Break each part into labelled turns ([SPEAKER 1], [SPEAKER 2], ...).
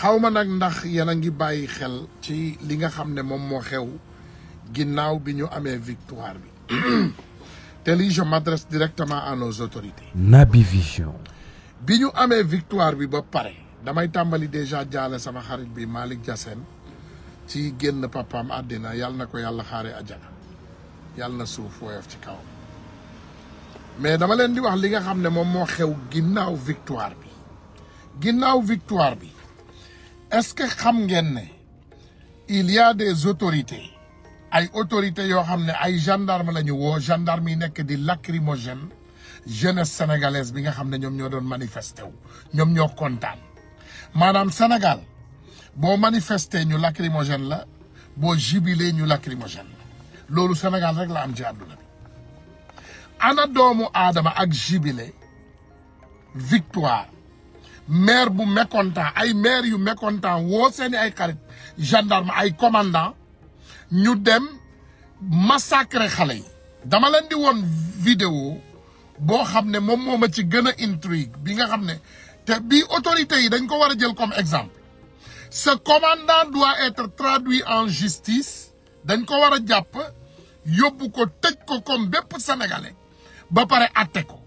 [SPEAKER 1] xaw ma nag ndax yéen a ngi bàyyi xel ci li nga xam ne moom moo xew ginnaaw bi ñu amee victoire bi te directement à nos autorités.
[SPEAKER 2] Naby Vision.
[SPEAKER 1] bi ñu amee victoire bi ba pare damay tàmbali déjà jaale sama xarit bi Malick Diassène ci génn papaam àddina yàlla na ko yàlla xaare ajana yàlla na suuf woyof ci kaw mais dama leen di wax li nga xam ne moom moo xew ginnaaw victoire bi ginnaaw victoire bi. est-ce que xam ngeen il y a des autorités des autorités yo xamné des gendarmes gendarme lañu wo woo gendarme yi nek di lacrymogène jeunesse sénégalaise bi nga xamné ñom ñoo doon manifesté wu ñoo contane Sénégal bo manifesté ñu lacrymogène la bo jubilé ñu lacrymogène la Sénégal rek la am ci aduna bi ana doomu adama ak jubilé victoire maire bu mécontent ay maire yu mécontent wo seeni ay xarit gendarme ay commandant ñu dem massacrer xalé dama leen di won vidéo bo xamné mom moma ci gëna intrigue bi nga xamné té te autorité yi dañ ko war jël comme exemple ce commandant doit être traduit en justice dañ ko war japp yobu ko tëj ko comme bép sénégalais ba paré atté ko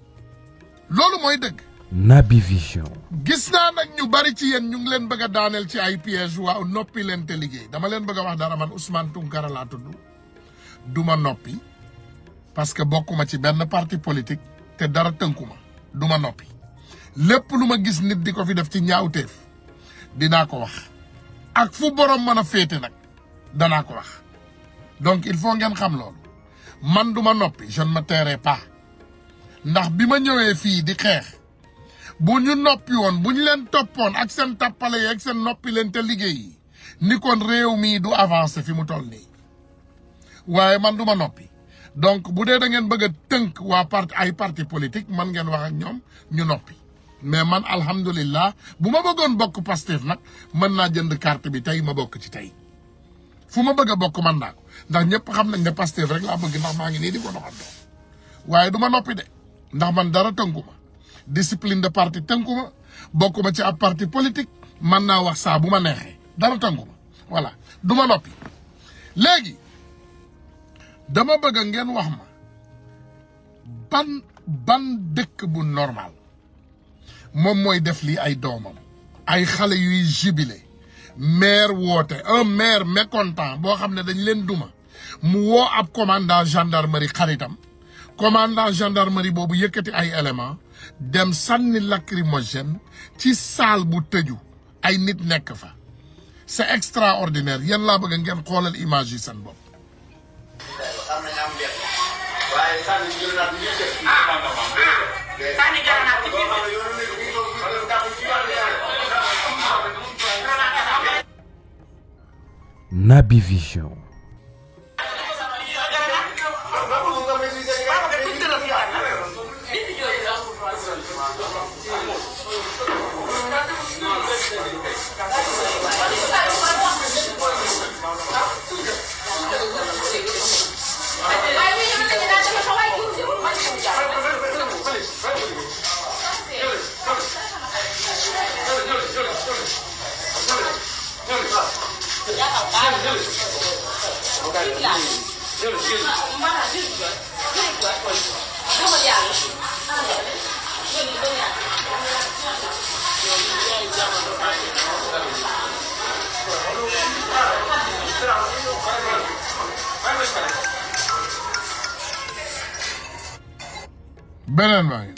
[SPEAKER 1] lolu moy deug
[SPEAKER 2] Naby Vision.
[SPEAKER 1] gis naa nag ñu bari ci yéen ñu ngi leen bëgg a daaneel ci ay piège waaw noppi leen te liggéey dama leen bëgg wax dara man Ousmane Tounkara laa tudd du ma noppi parce que bokkuma ci benn parti politique te dara tënku ma du ma noppi lépp lu ma gis nit di ko fi def ci ñaawteef dinaa ko wax ak fu borom mën a féete nag danaa ko wax donc il faut ngeen xam lool man duma ma noppi je ne me tairai ndax bi ma ñëwee fii di xeex. bu ñu noppi woon bu ñu leen topone ak seen tapale ak seen noppi leen te liggey ni kon rew mi du avancer fi mu toll nii waaye man duma ma noppi donc bu da ngeen bëgg teunk wa parti ay parti politique man ngeen wax ak ñom ñu noppi mais man alhamdulillah buma ma bëggoon bokk Pastef nak man na jënd carte bi tay ma bokk ci tay fu ma bëgg bokk man naa ko ndax ñepp xam nañ ne Pastef rek la bëgg ndax ma ngi ni di ko doxal waye du de ndax man dara discipline de partie tënku bokkuma ci ab parti politique mën naa wax saa bu ma neexee dara tënku ma voilà du ma noppi léegi dama bëgg ngeen wax ma ban ban dëkk bu normal moom mooy def lii ay doomam ay xale yuy jubile maire woote un maire mécontent boo xam ne dañ leen duma mu woo ab commandant gendarmerie xaritam commandant gendarmerie boobu yëkkati ay élément dem sànni lacrymogène ci saal bu tëju ay nit nekk fa c'est extraordinaire yéen laa bëgg ngeen xoolal image yi seen bopp. Naby beneen baa ngi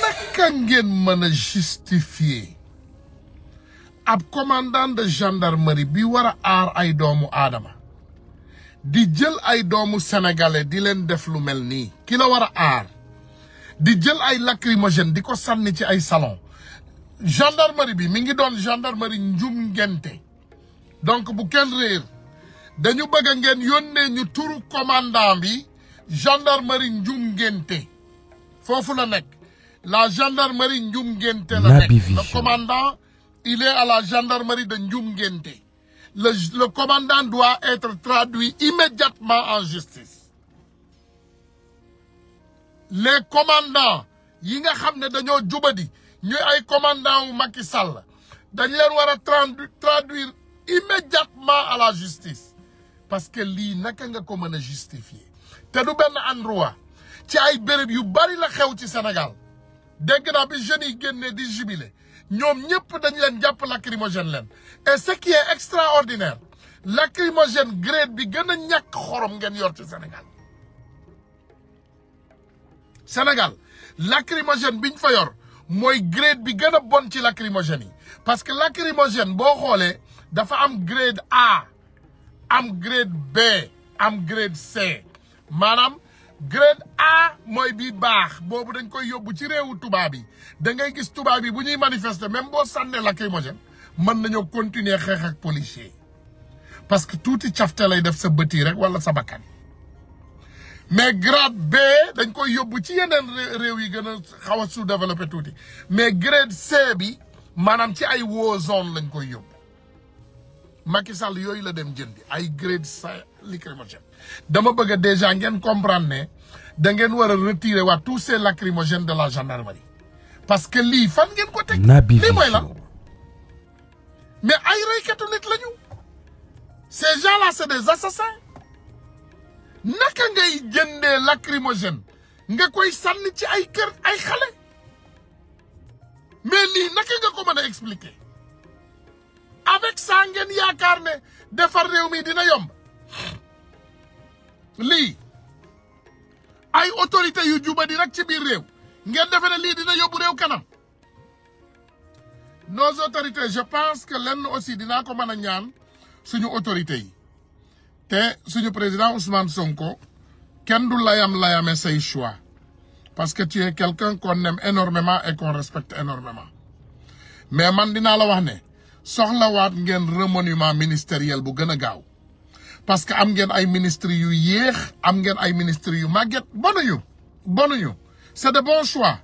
[SPEAKER 1] naka ngeen mën a ab commandant de gendarmerie bi war a aar ay doomu aadama di jël ay doomu sénégalais di leen def lu mel nii kila la war a aar di jël ay lacrymogène di ko sànni ci ay salon gendarmerie bi mi ngi doon gendarmerie njum ngente donc bu kenn réer dañu bëgg a ngeen yónnee ñu turu commandant bi gendarmerie njum ngente foofu la nekk la gendarmerie njum ngente la nekk le commandant Il est à la gendarmerie de Ndjungente. Le, commandant doit être traduit immédiatement en justice. Les commandants, yi nga xamné ne dañoo jubadi ñuy ay commandant ou Macky Sall dañ leen traduire immédiatement à la justice parce que li naka nga ko mën a justifier Té du ben endroit ci ay béréb yu bari la xew ci Sénégal dégg na bi jeunes yi di ñoom ñëpp dañu leen jàpp lacrymogène leen et ce qui est extraordinaire lacrymogène grade bi gën a ñàkk xorom ngeen yor ci Sénégal Sénégal lacrymogène biñ fa yor mooy grade bi gën a bon ci lacrymogène yi parce que lacrymogène boo xoolee dafa am grade A am grade B am grade C maanaam grade A mooy bi baax boobu dañ koy yóbbu ci réewu tubaab yi da ngay gis tubaab yi bu ñuy manifester même boo sànnee lacrymogène mën nañoo continuer xeex ak yi parce que tuuti cafte lay def sa bët yi rek wala sa bakkan mais grade B dañ koy yóbbu ci yeneen réew yi gën a xaw a sous-développé tuuti mais grade C bi maanaam ci ay woo zone lañ koy yóbbu Macky Sall yooyu la dem jëndi ay grade sa lacrymogène dama bëgg a déjà ngeen comprendre ne da ngeen war a retirer waa tous ces lacrymogènes de la gendarmerie parce que lii fan ngeen ko teg lii mooy lan mais ay reykatu nit la ñu ces gens là c'est des assassins naka ngay jëndee lacrymogène nga koy sànni ci ay kër ay xale mais lii naka nga ko mën a expliquer avec ça ngeen yaakaar ne defar réew mi dina yomb lii ay autorité yu jubadi rek ci biir réew ngeen defe ne lii dina yóbbu réew kanam nos autorités je pense que lenn aussi dinaa ko mën a ñaan suñu autorités yi te suñu président Ousmane Sonko kenn du layam layame say choix parce que tu es quelqu'un qu'on aime énormément et qu'on respecte énormément mais man dinaa la wax ne soxlawat ngeen remaniement ministériel bu gëna a gaaw parce que am ngeen ay ministres yu yéex am ngeen ay ministres yu màgget bonuñu bonuñu c'est de bons choix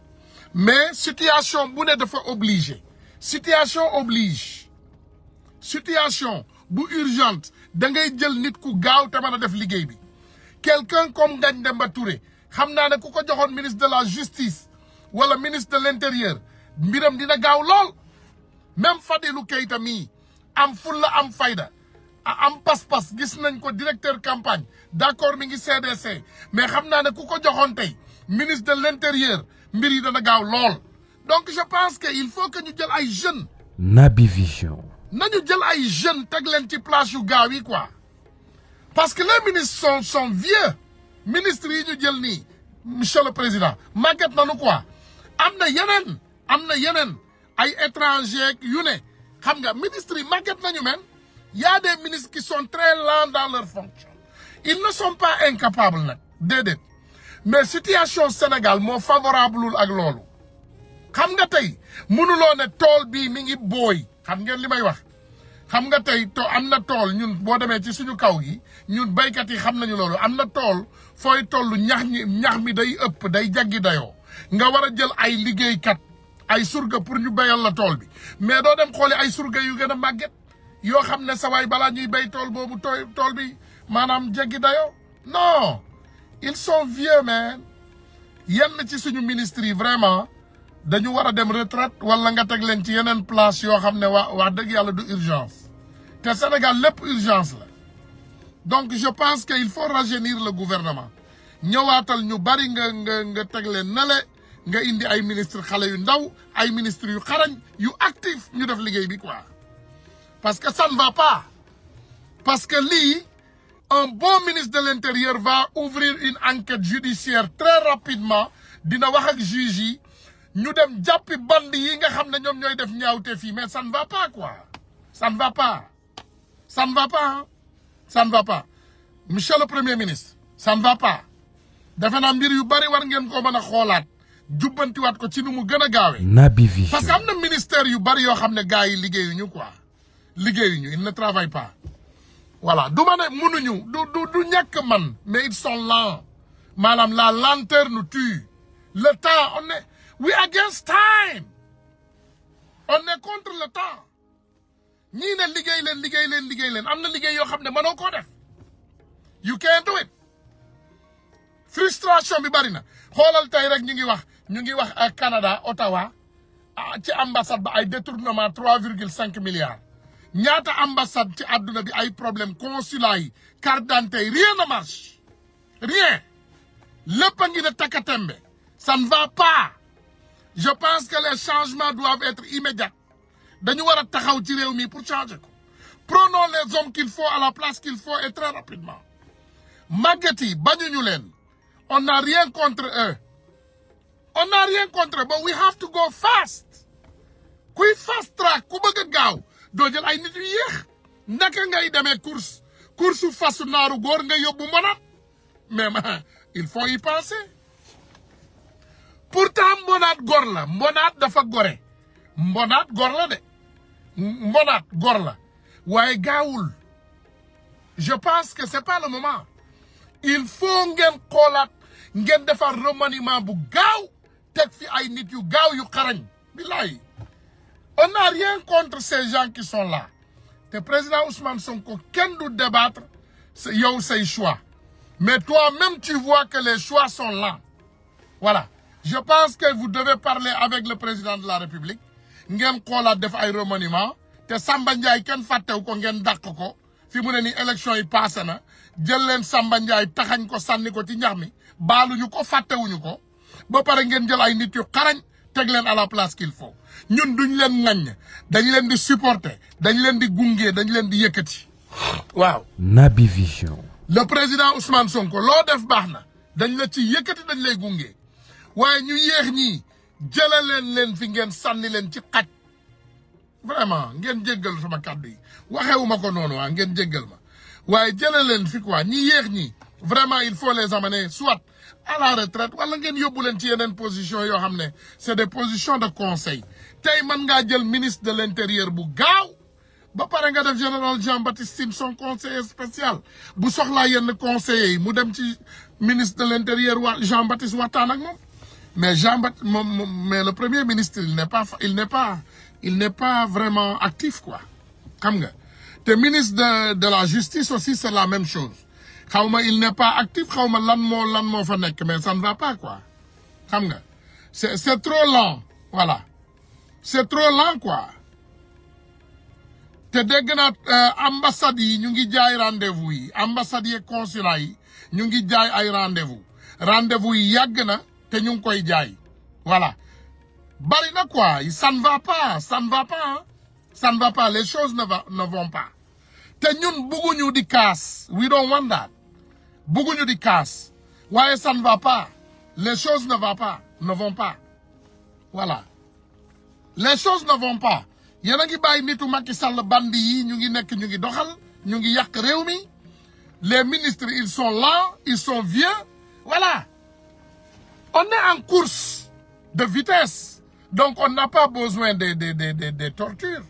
[SPEAKER 1] mais situation bu ne dafa obligé situation oblige situation bu urgente da ngay jël nit ku gaaw te mëna def liggéey bi quelqu'un comme gagne Demba Touré xamna na ku ko joxone ministre de la justice wala ministre de l'intérieur mbiram dina gaaw lol même fadi Keita mii am fulla am fayda am pas-pas gis nañ ko directeur campagne d'accord mi ngi CDC mais xamna naa ne ku ko ministre de l'intérieur mbir yi dana gaw lol donc je pense que il faut que ñu jël ay jeunes.
[SPEAKER 2] nabi Vision.
[SPEAKER 1] nañu jël ay jeunes teg len ci place yu quoi parce que les ministres sont sont vieux ministre yi ñu jël ni, monsieur le président màgget nañu quoi amna yenen amna am ay étrangers yu ne xam nga ministres yi màgget nañu men y a des ministres qui sont très lents dans leur fonction ils ne sompa pas incapables nag déedéet mais situation Sénégal moo favorableul ak loolu xam nga tey mënuloo ne tool bii mi ngi booy xam ngeen li may wax xam nga tey to am na tool ñun boo demee ci suñu kaw gi ñun béykat yi xam nañu loolu am na tool fooy toll ñax ñax mi day ëpp day jaggi dayoo nga war a jël ay liggéeykat ay surga pour ñu bayal la tol bi mais do dem xoli ay surga yu gëna a yo xamne sa way bala ñuy bay tol bobu tooy tool bi manam jéggi dayo non ils sont vieux man yenn ci suñu ministres vraiment dañu wara dem retraite wala nga tek leen ci yenen place yo xamne wa, wa deug yalla du urgence te Sénégal lepp urgence la donc je pense qu'il faut rajeunir le gouvernement ñëwaatal ñu bari nga nga tek leen nalé nga indi ay ministre xalé yu ndaw ay ministre yu xarañ yu actif ñu def liggéey bi quoi parce que ça ne va pas parce que li un bon ministre de l'intérieur va ouvrir une enquête judiciaire très rapidement dina wax ak juge yi ñu dem jappi band yi nga xam ñom ñoy def ñaawte fi mais ça ne va pas quoi ça ne va pas ça ne va pas ça ne va pas monsieur le premier ministre ça ne va pas dafa na mbir yu bari war ngeen ko mën a jubbantiwaat ko ci nu mu gën a gaawee. na Vision parce que am na ministère yu bari yoo xam ne gars yi liggéeyuñu quoi liggéeyuñu ils ne travaillent pas voilà du ma ne mënuñu du du du ñàkk man mais ils sont lents maanaam la lenteur nous tue le temps on ne we against time on est contre le temps ñii ne liggéey leen liggéey leen liggéey leen am na liggéey yoo xam ne mënoo koo def yu can't do it frustration bi bari na xoolal tey rek ñu ngi wax Nous ngi au Canada Ottawa ah, ci ambassade a détournement 3,5 milliards ñaata ambassade ci a bi ay problème consulat yi carte rien ne marche rien Le pangi de takatembe ça ne va pas je pense que les changements doivent être immédiats Nous devons taxaw ci mi pour changer prenons les hommes qu'il faut à la place qu'il faut et très rapidement Magati, on n'a rien contre eux on n'a rien contre but we have to go fast kuy fast track ku bëgg a gaaw doo jël ay nit yu yéex naka ngay demee course course su fasu naaru góor nga yóbbu monat mais il faut y penser pourtant mbonaat góor la mbonaat dafa gore mbonaat góor la de mbonaat góor la waaye gaawul je pense que c'est il faut ngeen xoolaat ngeen defar remaniement bu gaaw on n'a rien contre ces gens qui sont là Le président Ousmane Sonko ken de débattre yow ces choix mais toi-même tu vois que les choix sont là voilà je pense que vous devez parler avec le président de la République ngeen la def ay remaniement te Samba ken kenn ou ko ngeen dàq ko fi ni élection yi passe, na jël leen Samba Ndiaye taxañ ko sanni ko ci ñax mi baaluñu ko fàttewuñu ko ba pare ngeen jël ay nit yu xarañ teg leen à la place qu'il faut ñun duñ leen ŋaññ dañ leen di supporter dañ leen di gungee dañ leen di yëkkati waaw.
[SPEAKER 2] Naby Vision.
[SPEAKER 1] le président Ousmane Sonko loo def baax na dañ la ci yëkkati dañ lay gunge waaye ñu yéex ñii jëla leen leen fi ngeen sànni leen ci xaj vraiment ngeen jéggal sama kàddu yi waxewu ma ko noonu waa ah, ngeen jéggal ma waaye jëla leen fi quoi ñi yéex ñii vraiment il faut les amener soit à la retraite wala ngeen yobulen ci yenen position yo xamné c'est des positions de conseil tu man nga jël ministre de l'intérieur bu gaaw ba général Jean-Baptiste Simpson, conseiller spécial bu soxla yenn conseiller, mu dem ci ministre de l'intérieur Jean-Baptiste Watanagmo. mais jean mais le premier ministre il n'est pas il n'est pas il n'est pas vraiment actif quoi comme ministre de de la justice aussi c'est la même chose xaw il n'est pas actif xaw lan mo lan mo fa nek mais ça ne va pas quoi xam nga c'est trop lent voilà c'est trop lent quoi te dégg l'ambassade, euh, ambassades yi ñu ngi jaay rendez-vous yi ambassade et consulat yi ñu ngi jaay ay rendez-vous rendez-vous yi yàgg na te ñu ngi koy jaay voilà bari na quoi ça ne va pas ça ne va pas hein. ça ne va pas les choses ne va ne vont pas te ñun ñu di casse we don't want that bugguñu di casse waaye ça ne va pas les choses ne va pas ne vont pas voilà les choses ne vont pas yéen a qui bàyyi nitu Macky Sall bandi yi ñu ngi nekk ñu ngi doxal ñu ngi les ministres ils sont là ils sont vieux voilà on est en course de vitesse donc on n'a pas besoin des des des des tortures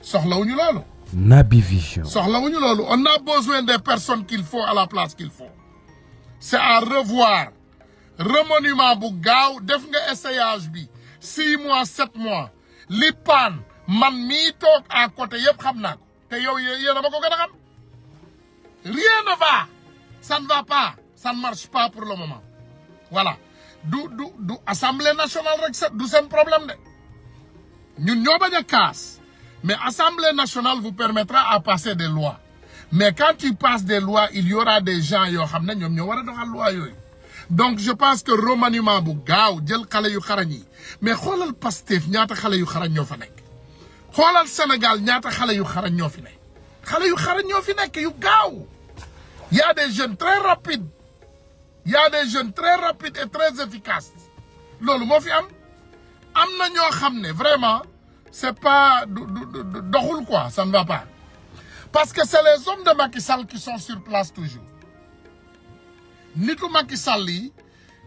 [SPEAKER 1] soxlawuñu lolu.
[SPEAKER 2] Nabi Vision.
[SPEAKER 1] soxlawuñu lolu. on a besoin des personnes qu'il faut à la place qu'il faut c'est à revoir Remonument pour gaaw def nga essayage bi six mois 7 mois L'IPAN, man mi à côté yëpp xam ko te yow rien ne va ça ne va pas ça ne marche pas pour le moment voilà du du du assemblée nationale rek sa du problème Nous, ñun pas de casse. mais l'Assemblée nationale vous permettra à passer des lois mais quand tu passes des lois il y aura des gens yoo xam ne ñoo war doxal loi yooyu donc je pense que remaniement bu gaaw jël xale yu xarañ mais xoolal Pastef ñaata xale yu xarañ ñoo fa nekk xoolal Sénégal ñaata xale yu xarañ ñoo fi nekk xale yu xarañ ñoo fi nekk yu gaaw y a des jeunes très rapides Il y a des jeunes très rapides et très efficaces loolu moo fi am am ñoo xam vraiment c'est pas doxul quoi ça ne va pas parce que c'est les hommes de Macky Sall qui sont sur place toujours. Nitou Macky Sall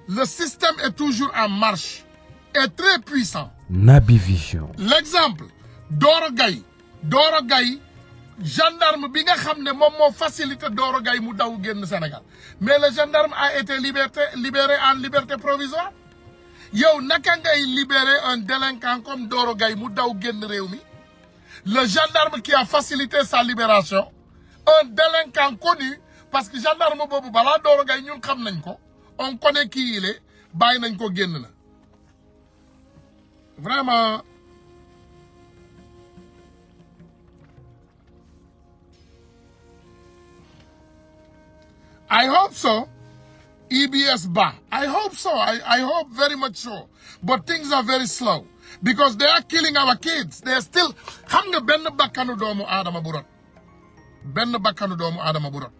[SPEAKER 1] le système est toujours en marche et très puissant.
[SPEAKER 2] Nabi Vision.
[SPEAKER 1] L'exemple Doro Gaye Doro gendarme bi nga facilité Doro mu Sénégal mais le gendarme a été libéré en liberté provisoire Yo n'a libérer un délinquant comme Doro Gaye mu daw le gendarme qui a facilité sa libération un délinquant connu parce que gendarme Bobo on connaît qui il est il nañ ko vraiment I hope so EBS ba I hope so I I hope very much so but things are very slow because they are killing our kids they are still xam nga benn bakkanu doomu aadama bu rot benn bakkanu doomu aadama bu rot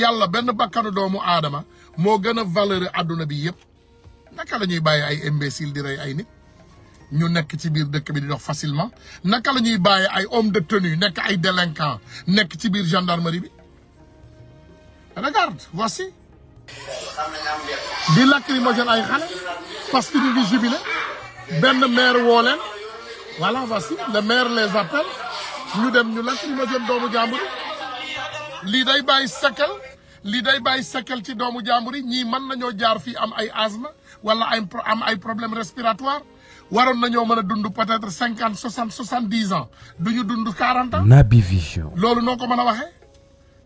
[SPEAKER 1] yàlla benn bakkanu doomu aadama moo gën a valeur adduna bi yëpp naka lañuy bàyyi ay imbécile di rey ay nit ñu nekk ci biir dëkk bi di dox facilement naka la ñuy bàyyi ay homme de tenue nekk ay délinquant nekk ci biir gendarmerie bi regarde voici di lacrymogène ay xale parce que ñu benn maire woo leen voilà voici le maire les appelle ñu dem ñu lakk ñu ma jëm doomu jàmbur lii day bàyyi sekkal lii day bàyyi sekkal ci doomu jàmbur yi ñii mën nañoo jaar fii am ay asma wala ay am ay problème respiratoire waroon nañoo mën a dund peut-être cinquante soixante soixante dix ans du ñu dund quarante ans. Naby
[SPEAKER 2] Vision. loolu
[SPEAKER 1] noo ko mën a waxe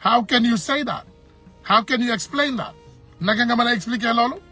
[SPEAKER 1] how can yu say that how can you explain that naka nga mën a expliquer loolu.